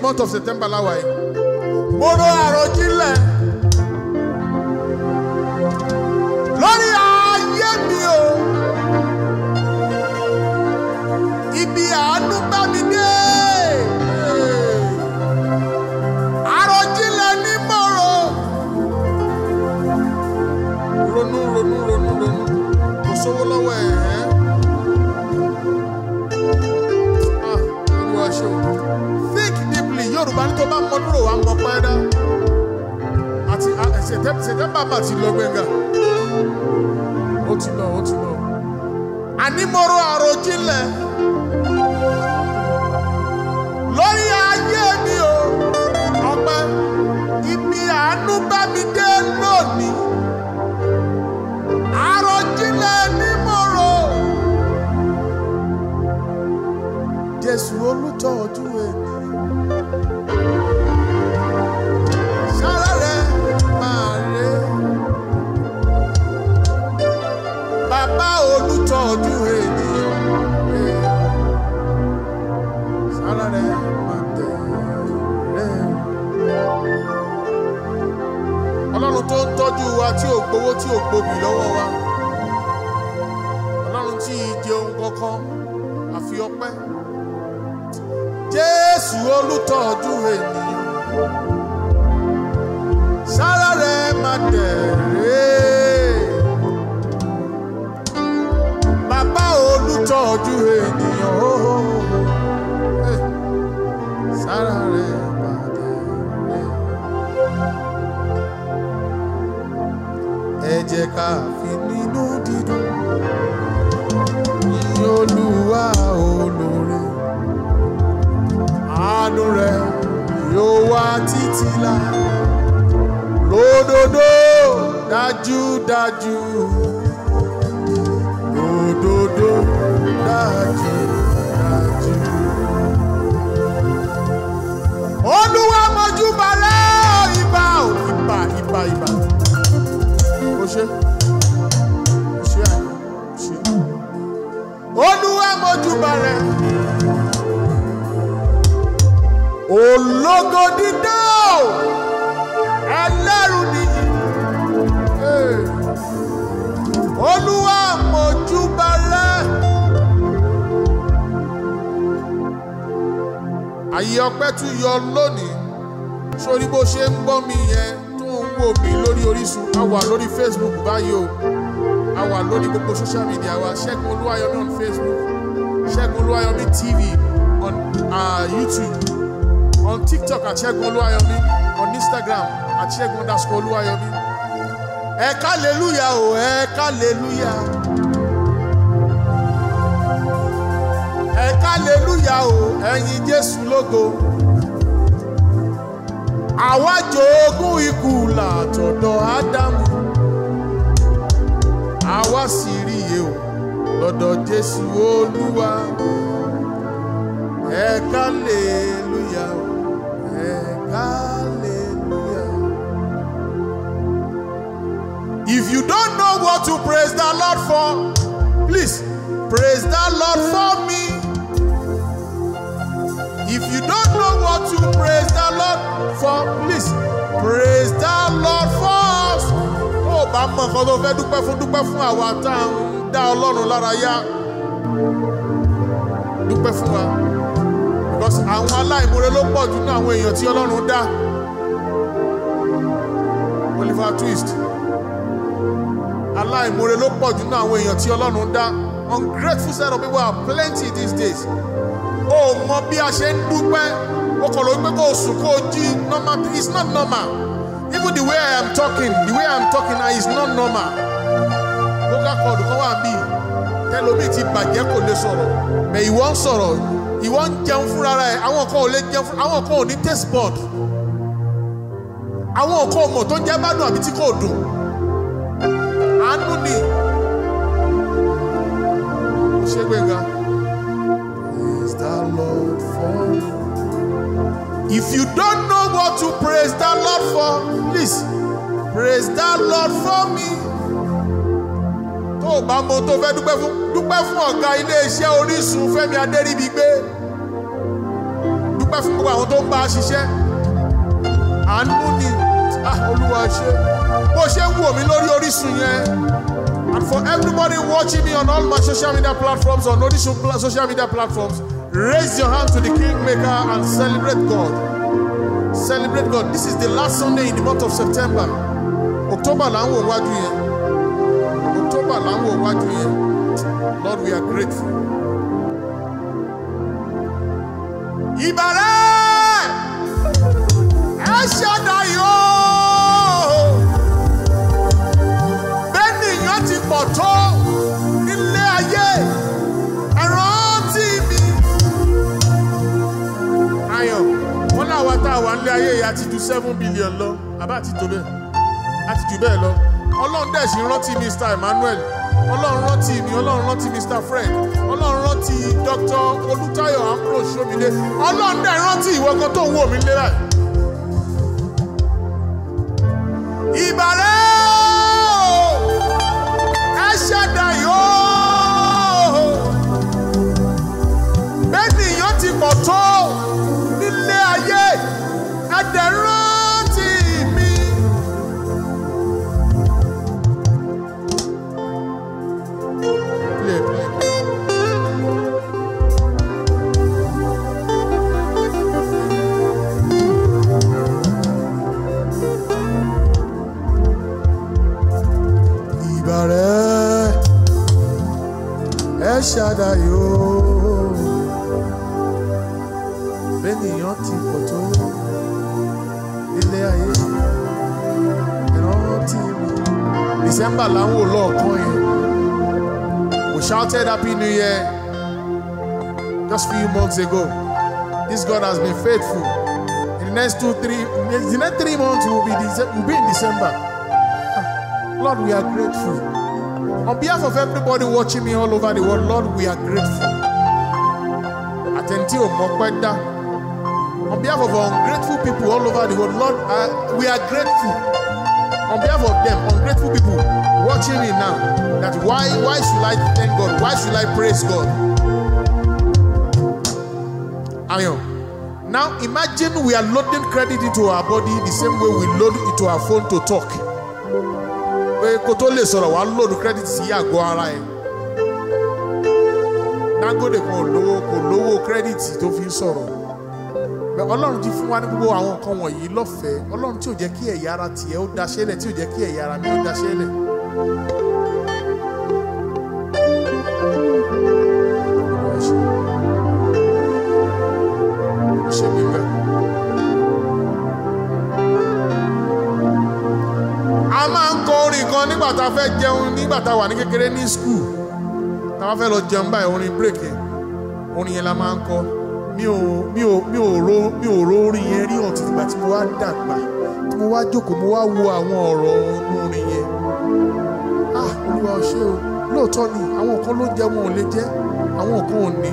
month of September láwa báyìí o a wà lórí gbogbo social media wa ṣẹ́gun olúwayọ̀mí on facebook ṣẹ́gun olúwayọ̀mí tv on uh, youtube on tiktok at ṣẹ́gun on instagram at ṣẹ́gun underscore ẹ kálẹ́lúyà o ẹ kálẹ́lúyà ẹ kálẹ́lúyà o ẹ̀yin jésù lógo àwájọ ogún ikú làtọ̀dọ̀ ádámù a wá rí iye o lọ́dọ̀ Jésù Olúwa ẹ kálẹ̀lúyà ẹ kálẹ̀lúyà. If you don't know what to praise the Lord for, please praise the Lord for me. If you don't know what to praise the Lord for, please praise the Lord for bá mọ̀ nǹkan tó fẹ́ dúpẹ́ fún dúpẹ́ fún àwa tá à ń dá ọlọ́run lára yá dúpẹ́ fún wa because àwọn aláìmoore ló pọ̀ jù ní àwọn èèyàn tí ọlọ́run dá Oliver Twist aláìmoore ló pọ̀ jù ní àwọn èèyàn tí ọlọ́run dá ungrateful set of people are plenty these days o mọ bí a ṣe ń dúpẹ́ o kọ̀ lóyún pé kó sùn kó jí normal it's not normal even the way I am talking the way I am talking now is not normal vocal cord kan wà bí tẹlomi ti bàjẹ́ kò lè sọ̀rọ̀ bẹ̀ ìwọ ń sọ̀rọ̀ ìwọ ń jẹun fúnra rẹ̀ àwọn kan ò lè jẹun fúnra àwọn kan ò ní taste bud àwọn kan ò mọ̀ tó ń jẹ́ bá dùn àbí tí kò dùn ni ó ṣe gbẹ̀ngà. Is that Lord for you? If you don't. praise that Lord for me. tó o bá mọ tó fẹ́ dúpẹ́ fún dúpẹ́ fún ọ̀gá iléeṣẹ́ Orísun Fẹ́mi Adéríbigbé dúpẹ́ fún gbogbo àwọn tó ń bá a ṣiṣẹ́ àánú ni ah, Olúwa ṣe bó ṣe ń wò mí lórí Orísun yẹn and for everybody watching me on all my social media platforms on Orísun social media platforms raise your hand to the King Maker and celebrate God celebrate God this is the last Sunday in the month of September. October là ń wò wájú yẹn October là ń wò wájú yẹn Lord we are great. Ìbàrẹ̀ ẹ ṣe dayọ̀ bẹ́ẹ̀ ni ìyàn ti pọ̀ tó nílé ayé ẹ̀rántí mi. Ayọ̀ wọn láwa tá a wà nílé ayé yìí a ti ju seven billion lọ àbá àti tó bẹ́ẹ̀ àti jù bẹ́ẹ̀ lọ ọlọ́run dẹ̀ sì rántí mr emmanuel ọlọ́run rántí mi ọlọ́run rántí mr fred ọlọ́run rántí dr olùtayọ̀ ambrose ṣomide ọlọ́run dẹ̀ rántí ìwọ kan tó ń wò mí lérà yìí. ìbàrẹ́ ẹ ṣẹ̀dá yóò bẹ́ẹ̀ ni ìyọ́ ti pọ̀ tó. Shaddai o bẹ́nìyàn ti pọ̀ tó ilé ayé December là ń wò lọ́ọ̀kan we shouted happy new year just few months ago this God has been faithful in the next two three the next three months will be, will be in December ah, Lord we are grateful. On behalf of everybody watching me all over the world, Lord, we are grateful. Àtẹ̀ntí ò On behalf of ungrateful people all over the world, Lord, uh, we are grateful. On behalf of them, ungrateful people watching me now, that why, why should I thank God? Why should I praise God? Ayo. Now imagine we are loading credit into our body the same way we load into our phone to talk. pé kó tó lè sọ̀rọ̀ wá lòdù kírẹ́dìtì sí àgọ́ ara ẹ̀ Dangote kan ò lówó kò lówó kírẹ́dìtì tó fi ń sọ̀rọ̀ ọlọ́run ti fún wa ní gbogbo àwọn nǹkan wọ̀nyí lọ́fẹ̀ẹ́ ọlọ́run tí ò jẹ́ kí ẹ̀yà ara tiẹ̀ ó daṣẹ́lẹ̀ tí ò jẹ́ kí ẹ̀yà ara mi ó daṣẹ́lẹ̀. gan nígbà tá a fẹ́ jẹun nígbà tá a wà ní kékeré ní skul tá a bá fẹ́ lọ jẹun báyìí orin bírèkì orin yẹn la máa ń kọ mi ò ro orin yẹn rí ọ̀tí nígbà tí mo wá dàgbà tí mo wá jókòó mo wá wo àwọn ọ̀rọ̀ orin yẹn ah olúwa ọ̀ṣẹ́ o lóòótọ́ ni àwọn kan ló jẹ́ wọn ò lè jẹ́ àwọn kan ò ní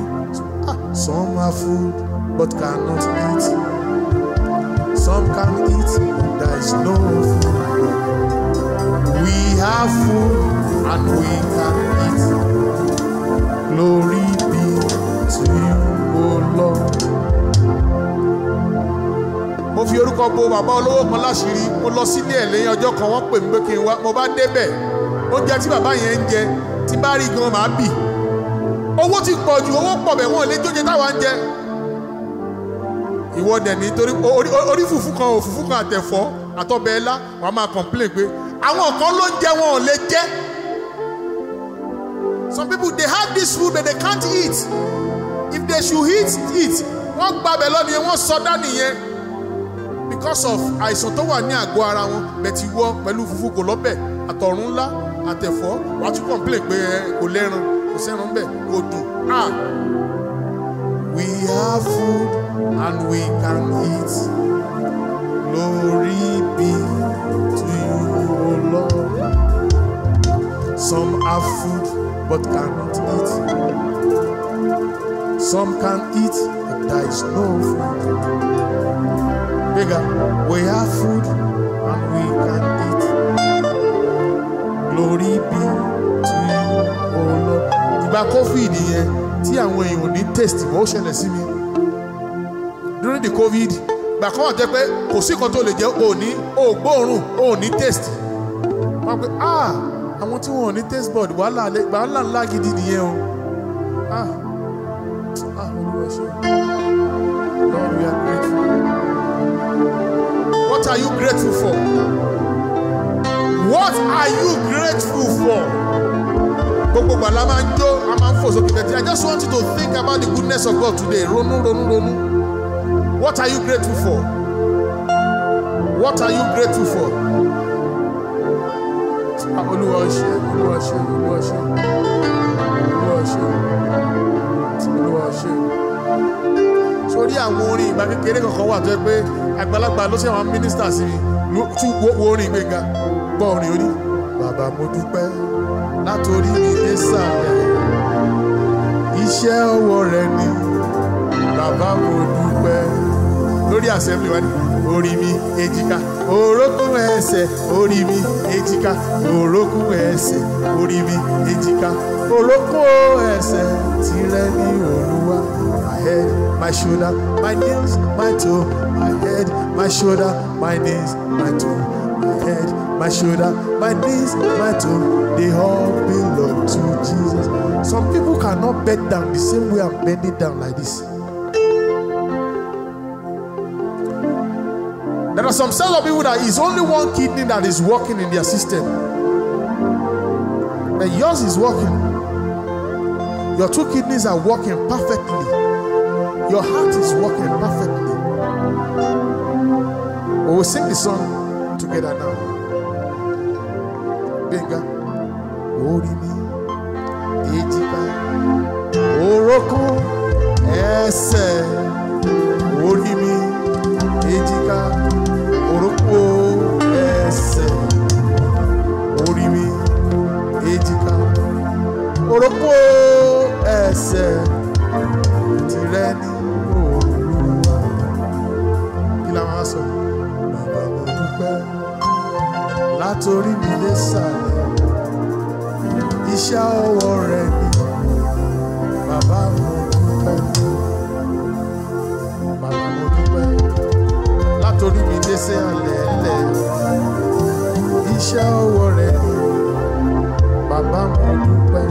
ah, some have food but cannot eat some can eat but there is no food. We have food and we can eat. Glory be to you, O Lord. Mo fi orúkọ bo bàbá olówó kan láṣìírí, mo lọ sílé ẹ̀ lẹ́yìn ọjọ́ kan wọ́n pè mí pé kí n wá, mo bá débẹ̀. Oúnjẹ tí bàbá yẹn ń jẹ tí bá rí gan màá bì. Owó ti pọ̀ ju owó pọ̀ bẹ̀ wọ́n lé jóje táwa ń jẹ ìwọ dẹ̀ ní torí orí fùfú kan ò fùfú kan àtẹ̀fọ́ àtọ́bẹ̀ wàá máa complain pé àwọn kan ló ń jẹ wọn ò lè jẹ some people they have this food but they can't eat if they should eat eat wọ́n gbàbẹ̀ lọ nìyẹn wọ́n sọdá nìyẹn because of àìsàn tó wà ní àgọ́ ara wọn bẹ̀tì wọ pẹ̀lú fufu kò lọ́bẹ̀ àtọ̀run ńlá àtẹ̀fọ́ wàá tún complain pé eh, kò lẹ́ran kò sẹ́ran bẹ́ẹ̀ kò dùn ah we have food and we can eat glory be. Some have food but cannot eat. Some can eat but there is no food. Bigger, we have food and we can eat. Glory be to you, O Lord. Ìgbà COVID nìyẹn tí àwọn èèyàn ní taste mọ́ ó ṣẹlẹ̀ mi. During the COVID, ìgbà kan wà jẹ́ pé kò sí kan tó lè jẹ́ òní ògbóòrùn òní taste. Wọ́n pe ah àwọn tí wọn ò ní taste bud wàhálà ńlá gidi nìyẹn o ah ah olúwa ṣe Lord we are grateful what are you grateful for what are you grateful for gbogbo gbàlá máa ń jó a máa ń fò sókè tẹ̀tí I just want you to think about the goodness of God today ronú ronú ronú what are you grateful for what are you grateful for. olúwa ṣe olúwa ṣe olúwa ṣe olúwa ṣe olúwa ṣe. sórí àwọn orin ìgbà kékeré kankan wà tó yẹ pé àgbàlagbà ló ṣe àwọn mínísítà sí i tún wo orin ìgbéga gbọ́ orin orí. bàbá mo dúpẹ́ látòrí mi dé sàlẹ̀ iṣẹ́ ọwọ́ rẹ ni bàbá mo dúpẹ́ lórí assembly wa ni orin mi èjìká orókún ẹsẹ̀ orí mi èjìká orókún ẹsẹ̀ orí mi èjìká orókún ẹsẹ̀ tìrẹ ní Olúwa my head my shoulder my knees my toe my head my shoulder my knees my toe my head my shoulder my knees my toe they all belong to Jesus some people cannot bend down the same way I'm bending down like this. are some set of people that is only one kidney that is working in their system. But yours is working. Your two kidneys are working perfectly. Your heart is working perfectly. we'll sing the song together now. Benga. torí mi lé sàlẹ̀ iṣẹ́ ọwọ́ rẹ ni bàbá mo dúpẹ́ bàbá mo dúpẹ́ látòrí mi dé sí àlẹ́ ẹ̀lẹ́ iṣẹ́ ọwọ́ rẹ ni bàbá mo dúpẹ́.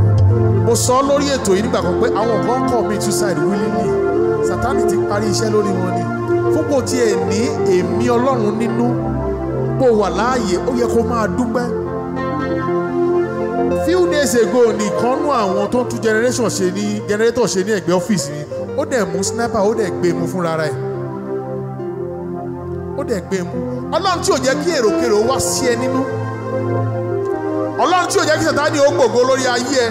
mo sọ lórí ètò yìí nígbà kan pé àwọn kan kọ̀ mí two side willingly Sátánì ti parí iṣẹ́ lórí wọn ni fúnpọ̀ tí ẹ̀ ní èmi Ọlọ́run nínú bó wà láàyè ó yẹ kó máa dúpẹ́ few days ago nìkan nú àwọn tó ń tún generation ṣe ní generator ṣe ní ẹ̀gbẹ́ ọ́fíìsì ni ó dẹ̀ mú sniper ó dẹ̀ gbé e mu fúnra rẹ̀ ó dẹ̀ gbé e mu ọlọ́run tí ò jẹ́ kí èròkèrò wá sí ẹ nínú ọlọ́run tí ò jẹ́ kí sàtáni ó gbògo lórí ayé ẹ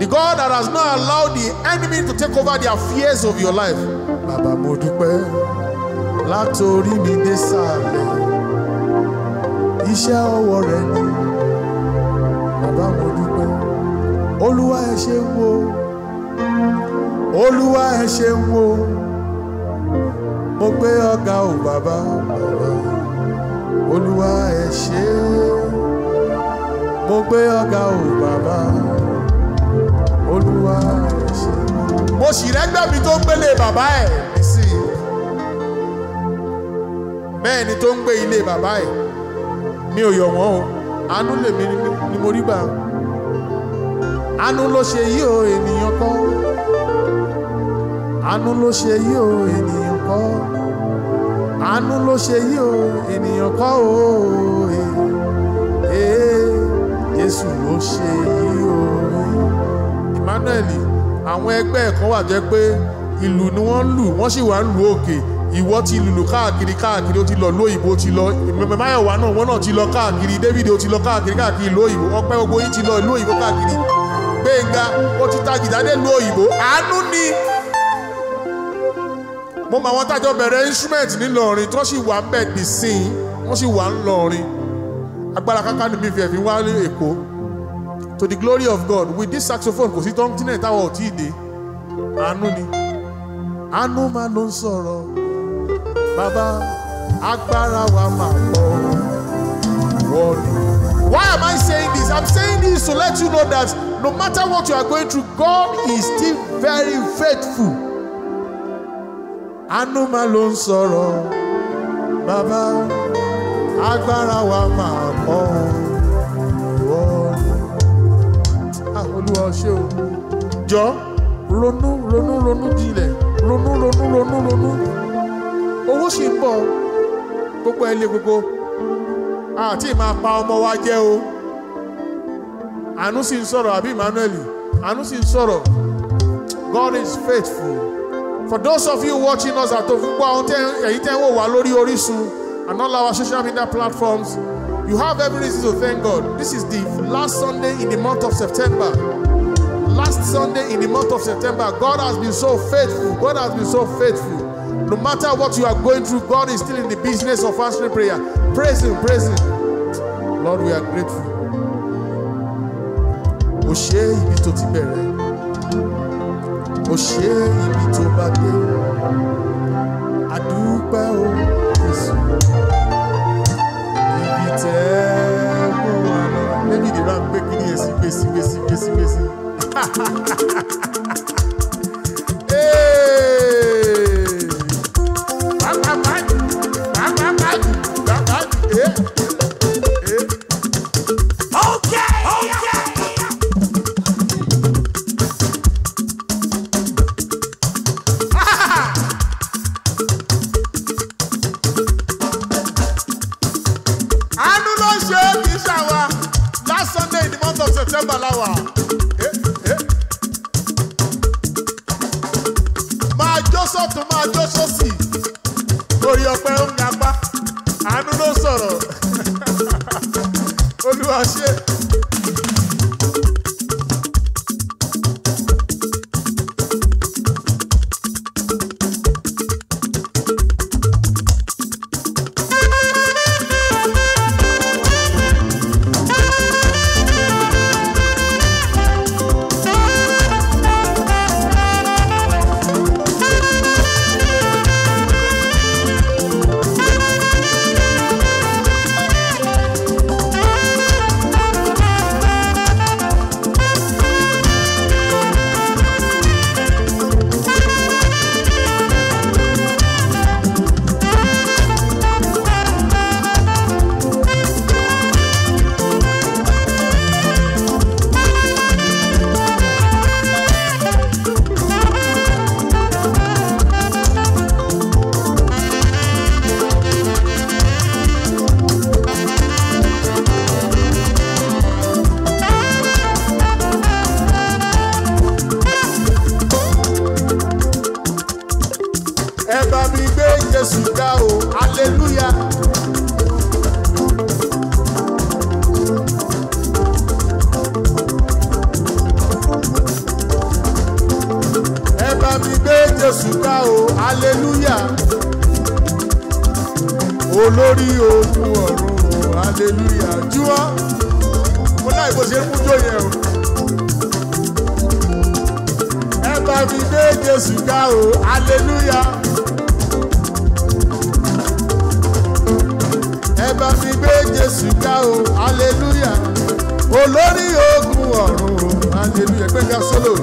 the God that has not allowed the enemy to take over the affairs of your life. bàbá mo dúpẹ́ látòrí mi dé sàlẹ̀ iṣẹ́ ọwọ́ rẹ̀ ni bàbá mo dúpẹ́ olúwa ẹ ṣe ń wo olúwa ẹ ṣe ń wo mo gbé ọ̀gá o bàbá bàbá olúwa ẹ ṣe mo gbé ọ̀gá o bàbá olúwa ẹ ṣe. mo sì rẹ́gbẹ́ mi tó ń gbélé bàbá ẹ̀ nísìnyí bẹ́ẹ̀ ni tó ń gbé ilé bàbá ẹ̀ mi ò yọ̀ wọ́n o àánú lèmi ni mo rí gbà àánú ló ṣe yí o ènìyàn kọ́ àánú ló ṣe yí o ènìyàn kọ́ àánú ló ṣe yí o ènìyàn kọ́ o ee Jésù ló ṣe yí o Emmanuel àwọn ẹgbẹ́ ẹ̀kọ́ wà jẹ́ pé ìlù ni wọ́n lù wọ́n sì wá ń lu òkè ìwọ ti lùlù káàkiri káàkiri ó ti lọ lóyìnbó ó ti lọ mẹ́máyọ̀wá náà wọ́n náà ti lọ káàkiri David ó ti lọ káàkiri káàkiri lóyìnbó ọpẹ́ gbogbo yín ti lọ lóyìnbó káàkiri Gbénga ó ti tajìdá dé lóyìnbó àánú ni mo mọ àwọn tájọ bẹ̀rẹ̀ instrument ńìlọrin tó sì wà bẹ́ẹ̀ dì sí i wọ́n sì wà ńlọrin agbára kankan níbi ìfẹ́ fi wá ní Èkó to the glory of God with this saxophone kò sí tọ́ntínẹ̀ táwọn ò tí ì dé àánú ni àánú máa ló ń sọ̀rọ̀ bàbá agbára wa máa pọ̀ wọ́ọ̀nù. Why am I saying this? I'm saying this to let you know that no matter what you are going through, God is still very faithful. Àánú máa ló ń sọ̀rọ̀, Baba, agbára wa máa pọ̀ wọ́ọ̀nù. Ah, Olúwa ṣé o. Jọ ronú ronú ronú jinlẹ̀ ronú ronú ronú ronú. ronú. owó sì ń bọ̀ gbogbo ẹ̀ lé gbogbo àti máa pa ọmọ wa jẹ́ o àánú sì ń sọ̀rọ̀ àbí Emmanuel àánú sì ń sọ̀rọ̀ God is faithful for those of you watching us at home gbogbo àwọn ẹ̀yin tẹ́ ń wò wá lórí Orísun and all our social media platforms you have every reason to thank God this is the last Sunday in the month of September last Sunday in the month of September God has been so faithful God has been so faithful No matter what you are going through, God is still in the business of answering prayer. Praise Him, praise Him. Lord, we are grateful. O ṣé ibi tó ti bẹ̀rẹ̀. O ṣé ibi tó bá dé. A o, Jésù. Ibi tẹ́ mú wa lọ. Lẹ́yìn ìdíra ń gbé kí ni èsì gbèsè gbèsè gbèsè gbèsè. olórí ogun ọ̀run hallelujah gbẹ̀ngà solo.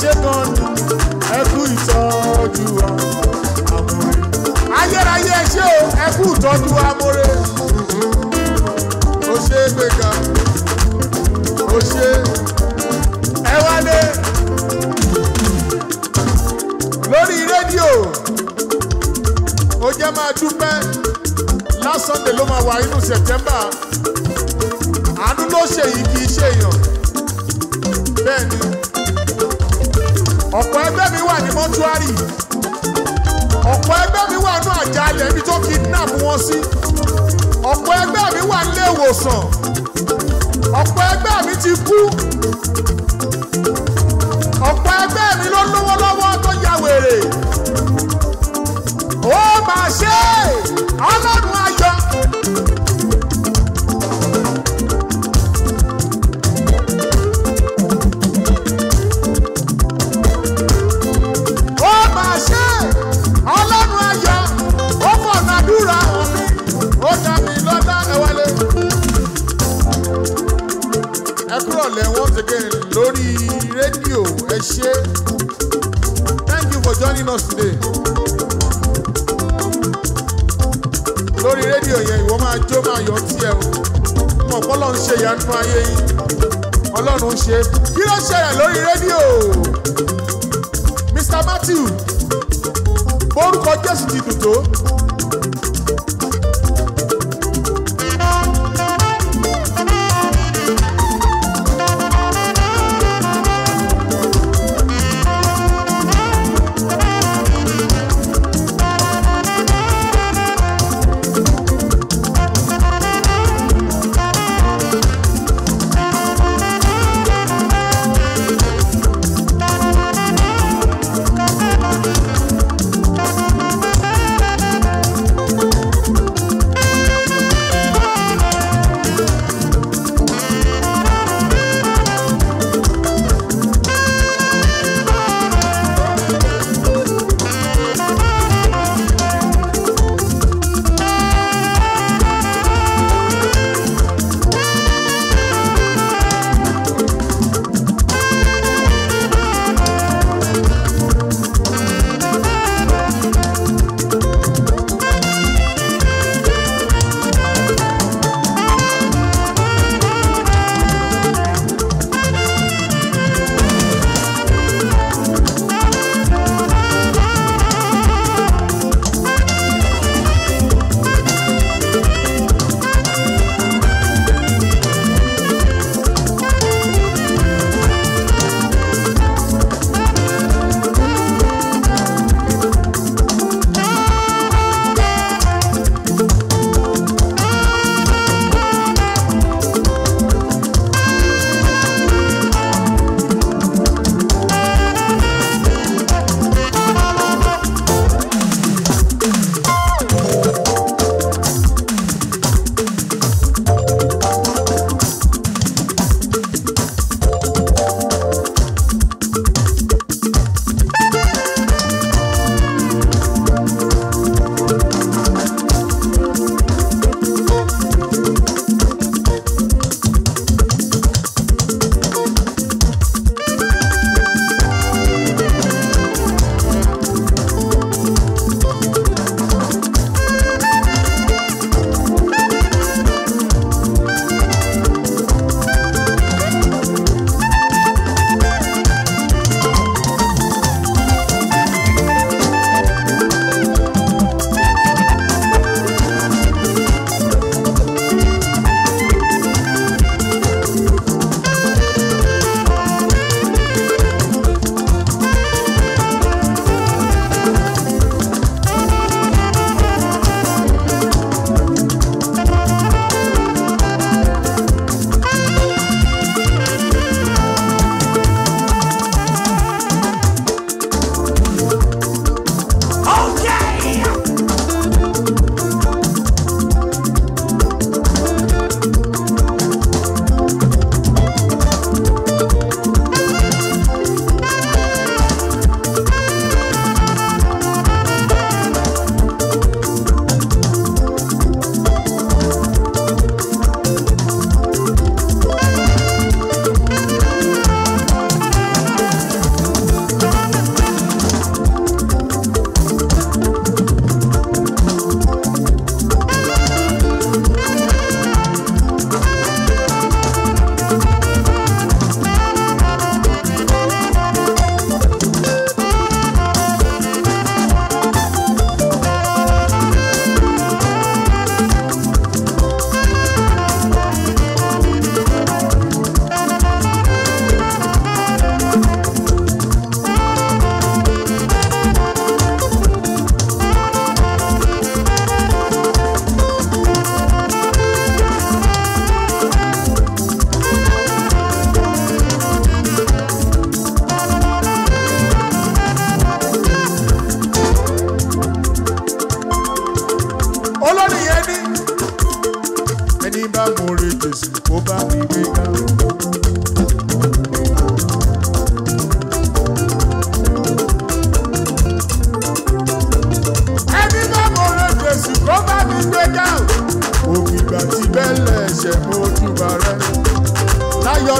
ṣe kan nù ẹ kú ìtọ́jú amore. ayérayé ẹ ṣé o ẹ kú ìtọ́jú amore. ó ṣe é gbéga ó ṣe ẹ wálé lórí rédíò ó jẹ́ máa dúpẹ́ last Sunday ló máa wà nínú September àánú ló ṣèyí kì í ṣèyàn bẹ́ẹ̀ ni ọ̀pọ̀ ẹgbẹ́ mi wà ní mọ́túárì ọ̀pọ̀ ẹgbẹ́ mi wà ní àjálẹ̀ ibi tó kidnap wọn sí ọ̀pọ̀ ẹgbẹ́ mi wà nílé ìwòsàn ọ̀pọ̀ ẹgbẹ́ mi ti kú ọ̀pọ̀ ẹgbẹ́ mi ló lówó lọ́wọ́ tó ya wèrè ó mà ṣe é lórí rédíò ẹ ṣé thank you for joining us today lórí rédíò yẹn ìwọ máa jó máa yọ̀ tiẹ̀ o mọ̀ kọ́lọ́ ń ṣe ìyanu ayé yín ọlọ́run ṣe kí ló ṣẹlẹ̀ lórí rédíò Mr Matthew orúkọ Jésù ti dùn tó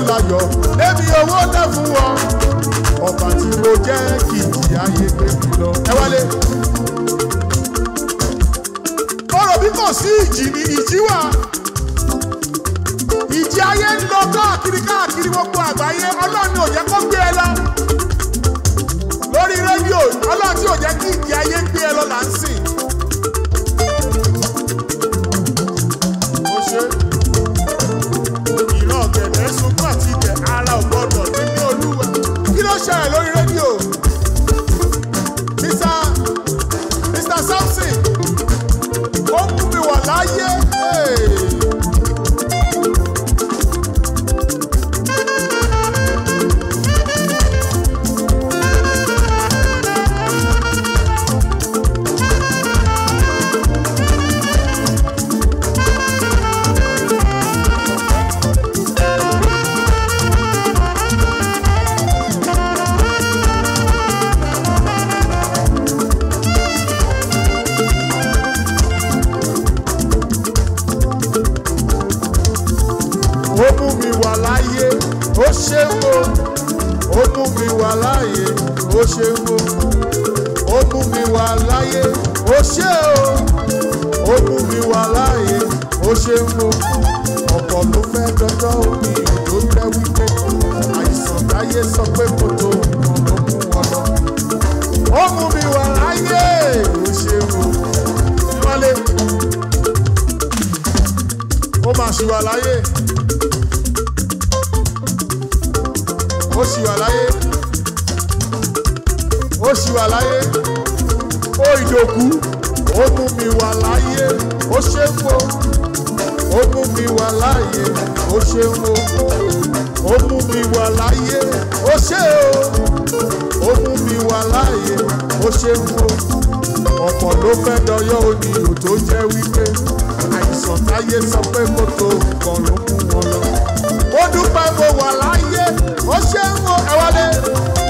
láyọ̀ débi owó tẹ̀ fún wọn ọ̀pá tí mo jẹ́ kí ìjìyà yé gbé mi lọ. ẹ wálé. ọ̀rọ̀ bí kò sí ìjì ni ìjì wà ìjì ayé ń lọ káàkiri káàkiri gbogbo àgbáyé ọlọ́run ò jẹ́ kó gbé ẹ lọ lórí rédíò ọlọ́run tí ò jẹ́ kí ìjì ayé gbé ẹ lọ là ń sìn. o ṣeun o ó mú mi wá láyé o ṣé o ó mú mi wá láyé o ṣeun o ọ̀pọ̀ ló fẹ́ dọ́dọ́ omi ìlú rẹ wípé àìsàn láyé sọ pé mo tó nǹkan ló mú wọn lọ. ó mú mi wá láyé o ṣeun o wálé ó máa ṣì wà láyé ó ṣì wà láyé ó ṣì wà láyé ó ìdòkú ó tún mi wà láyé ó ṣe ń wo ó mú mi wà láyé ó ṣe ń wo ó mú mi wà láyé ó ṣe o ó mú mi wà láyé ó ṣe ń wo ọ̀pọ̀ ló fẹ́ dọyọ́ oníyò tó jẹ́ wípé àìsàn táyé sọ pé kó tó nǹkan ló mú wọn lọ. ó dúpẹ́ mo wà láyé ó ṣe ń wo ẹ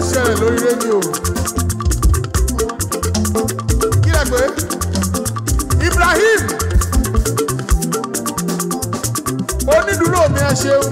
ń ṣẹlẹ̀ lórí rédíò. kí lè pé Ibrahim onídùúró mi ẹ ṣeun.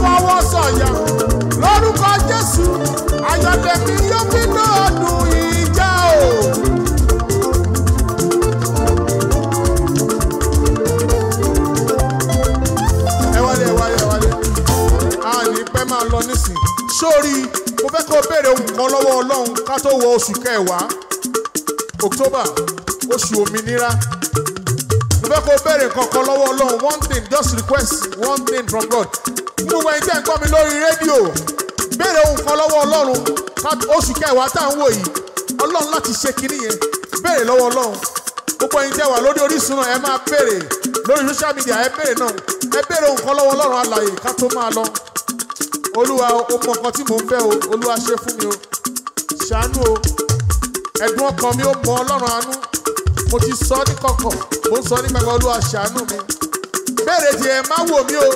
fọwọ́ sọ̀yà lórúkọ Jésù ayọ̀dẹ̀mí yóò fi náà dùn ìjà o. ẹ wálé ẹ wálé ẹ wálé a ní pẹ́ máa lọ nísìn sórí mo fẹ́ kó one thing just request one thing from God gbogbo ẹni tẹ́ ń gbọ́ mi lórí rédíò béèrè ohun kan lọ́wọ́ ọlọ́run oṣù kẹwàá tá à ń wò yìí ọlọ́run láti ṣe kinní yẹn béèrè lọ́wọ́ ọlọ́run gbogbo ẹni tẹ́ wà lórí Orísun náà ẹ máa béèrè lórí social media ẹ béèrè náà ẹ béèrè ohun kan lọ́wọ́ ọlọ́run alààyè ká tó máa lọ olúwa o mọ nǹkan tí mò ń fẹ́ o olúwa ṣe fún mi o ṣàánú o ẹ̀dùn ọkàn mi ó mọ ọlọ́run àánú mo ti sọ ní kọ̀kọ̀ mo ń sọ ní gbàgbọ́ olúwa ṣàánú mi béèrè tiẹ̀ má wò mí o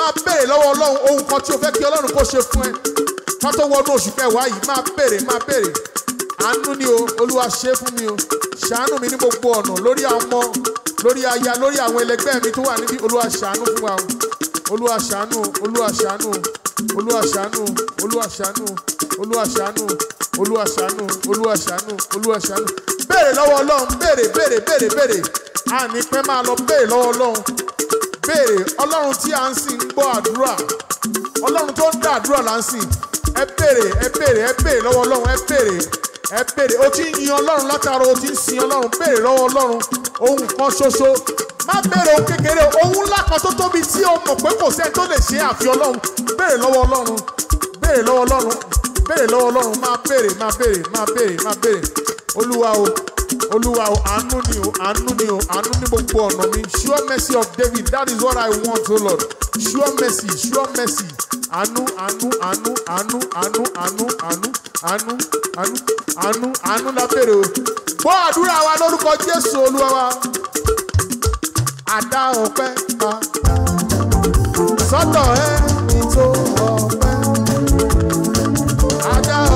máa béèrè lọ́wọ́ ọlọ́run ohun kan tí o fẹ́ kí ọlọ́run kó ṣe fún ẹ kan tó wọnú oṣù kẹwàá yìí máa béèrè máa béèrè àánú ni o olúwa ṣe fún mi o ṣàánú mi ní gbogbo ọ̀nà lórí àwọn ọmọ lórí aya lórí àwọn ẹlẹgbẹ́ mi tó wà níbí olúwa ṣàánú fún wa o olúwa ṣàánú olúwa ṣàánú olúwa ṣàánú olúwa ṣàánú olúwa ṣàánú olúwa ṣàánú olúwa ṣàánú olúwa ṣàánú béèrè lọ́wọ́ ọlọ́run béèrè béèrè béèrè béèrè àní béèrè ọlọ́run tí a ń sìn ń gbọ́ àdúrà ọlọ́run tó ń dá àdúrà là ń sìn ẹ béèrè ẹ béèrè ẹ béèrè lọ́wọ́ ọlọ́run ẹ béèrè ẹ béèrè o ti ń yin ọlọ́run látara o ti ń sin ọlọ́run béèrè lọ́wọ́ ọlọ́run ohun kan ṣoṣo má béèrè ohun kékeré ohun ńlá kan tó tóbi tí o mọ̀ pé kò sẹ́ni tó lè ṣe àfi ọlọ́run béèrè lọ́wọ́ ọlọ́run béèrè lọ́wọ́ ọlọ́run béèrè lọ́wọ́ ọlọ́run má béèrè má béèrè má béèrè má béèrè olúwa o olúwa o àánú ni o àánú ni o àánú ní gbogbo ọ̀nà mi sure mercy of David that is what I want o Lord sure mercy sure mercy Anu, anu, anu, anu, anu, anu, anu, anu, anu, anu, anu, la béèrè o gbọ́ àdúrà wa lórúkọ Jésù olúwa wa àdá ọpẹ́ máa sọ́dọ̀ ẹni tó ọpẹ́ àdá.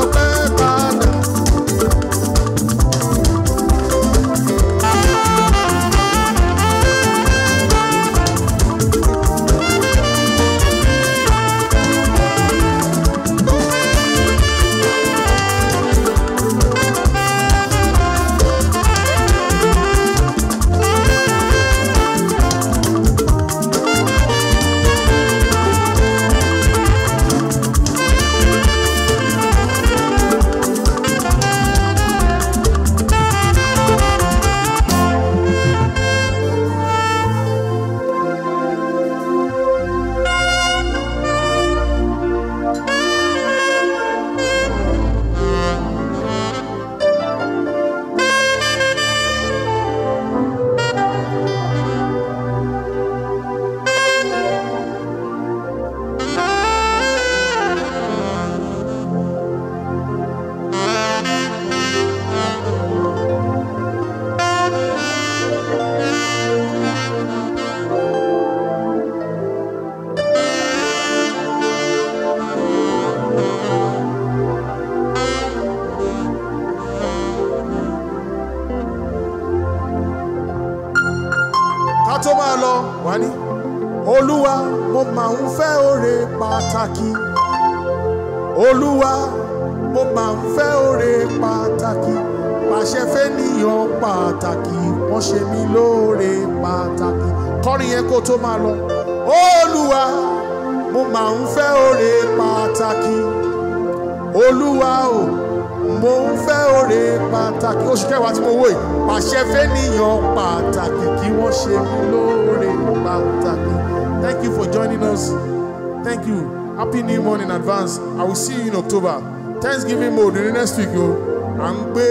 else, thank you. Happy New Month in advance. I will see you in October. Thanksgiving mode ní next week o. À ń gbé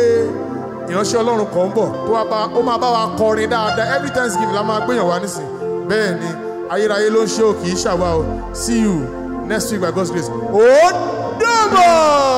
ìránṣẹ́ Ọlọ́run kan bọ̀ tó ó máa bá wa kọrin dáadáa. Every Thanksgiving la máa gbéyàn wá nísìn. Bẹ́ẹ̀ ni ayérayé ló ń ṣe o kì í ṣàwa o. See you next week by God's grace. Ó dàbọ̀.